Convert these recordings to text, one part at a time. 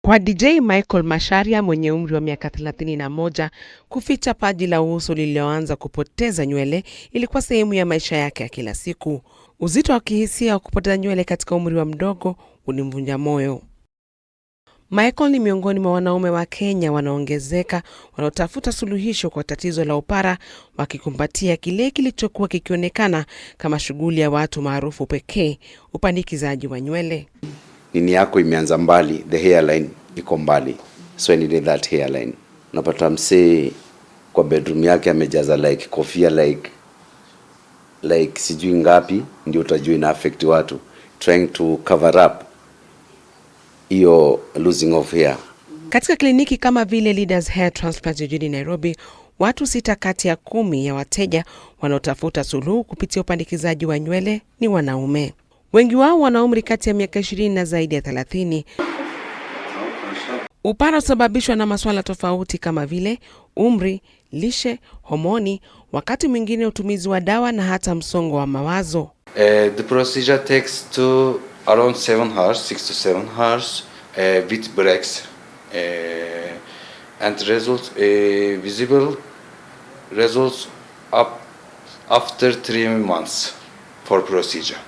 Kwa DJ Michael masharia mwenye umri wa miaka 31, kuficha paji la uso lililoanza kupoteza nywele ilikuwa sehemu ya maisha yake ya kila siku. Uzito wa kihisia wa kupoteza nywele katika umri wa mdogo ulimvunja moyo. Michael ni miongoni mwa wanaume wa Kenya wanaongezeka wanaotafuta suluhisho kwa tatizo la upara, wakikumbatia kile kilichokuwa kikionekana kama shughuli ya watu maarufu pekee, upandikizaji wa nywele. Nini yako imeanza mbali, the hairline iko mbali, so I needed that hairline. Napata msee kwa bedroom yake amejaza like kofia like like sijui ngapi, ndio utajua ina affect watu trying to cover up hiyo losing of hair. Katika kliniki kama vile Leaders Hair Transplant jijini Nairobi, watu sita kati ya kumi ya wateja wanaotafuta suluhu kupitia upandikizaji wa nywele ni wanaume. Wengi wao wana umri kati ya miaka ishirini na zaidi ya 30. Upara husababishwa na masuala tofauti kama vile umri, lishe, homoni, wakati mwingine utumizi wa dawa na hata msongo wa mawazo. Uh, the procedure takes two around seven hours, six to seven hours uh, with breaks uh, and results uh, visible results up after three months for procedure.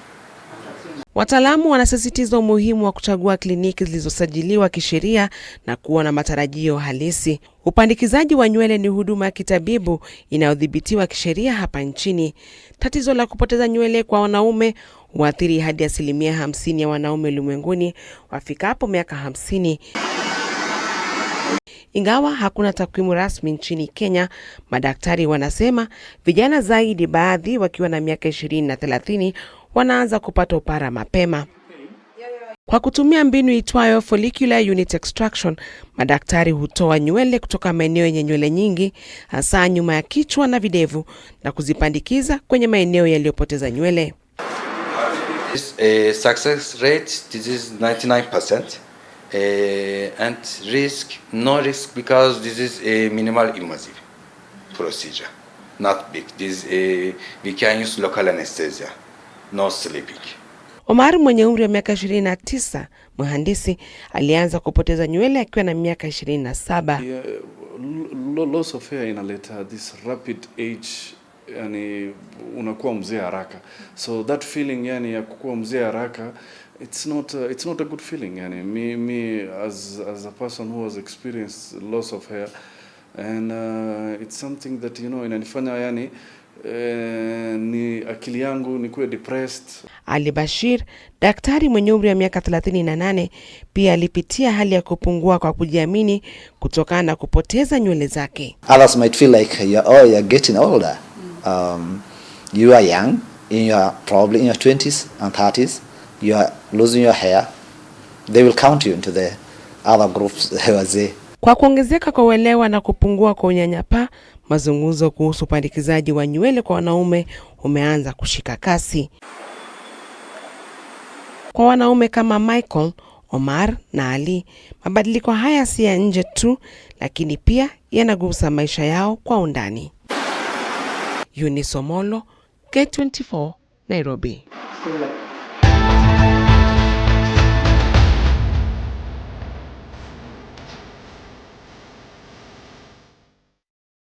Wataalamu wanasisitiza umuhimu wa kuchagua kliniki zilizosajiliwa kisheria na kuwa na matarajio halisi. Upandikizaji wa nywele ni huduma ya kitabibu inayodhibitiwa kisheria hapa nchini. Tatizo la kupoteza nywele kwa wanaume huathiri hadi asilimia hamsini ya wanaume ulimwenguni wafikapo miaka hamsini. Ingawa hakuna takwimu rasmi nchini Kenya, madaktari wanasema vijana zaidi, baadhi wakiwa na miaka ishirini na thelathini, wanaanza kupata upara mapema. Kwa kutumia mbinu itwayo follicular unit extraction, madaktari hutoa nywele kutoka maeneo yenye nywele nyingi, hasa nyuma ya kichwa na videvu, na kuzipandikiza kwenye maeneo yaliyopoteza nywele this uh, success rate, this is 99%. Uh, eh, and risk, no risk because this is a minimal invasive procedure, not big. This, uh, we can use local anesthesia, no sleeping. Omar mwenye umri wa miaka 29, mhandisi, alianza kupoteza nywele akiwa na miaka 27. Yeah, loss of hair inaleta this rapid age yani unakuwa mzee haraka, so that feeling yani ya kukuwa mzee haraka it's not uh, it's not a good feeling yani me, me as as a person who has experienced loss of hair and uh, it's something that you know inanifanya yani Eh, ni akili yangu nikuwe depressed. Ali Bashir, daktari mwenye umri wa miaka 38, pia alipitia hali ya kupungua kwa kujiamini kutokana na kupoteza nywele zake. Others might feel like you're, oh, you're getting older um, you are young, in your probably in your 20s and 30s, you are losing your hair, they will count you into the other groups wazee. Kwa kuongezeka kwa uelewa na kupungua kwa unyanyapaa, mazungumzo kuhusu upandikizaji wa nywele kwa wanaume umeanza kushika kasi. Kwa wanaume kama Michael, Omar na Ali, mabadiliko haya si ya nje tu, lakini pia yanagusa maisha yao kwa undani. Eunice Omolo, K24, Nairobi.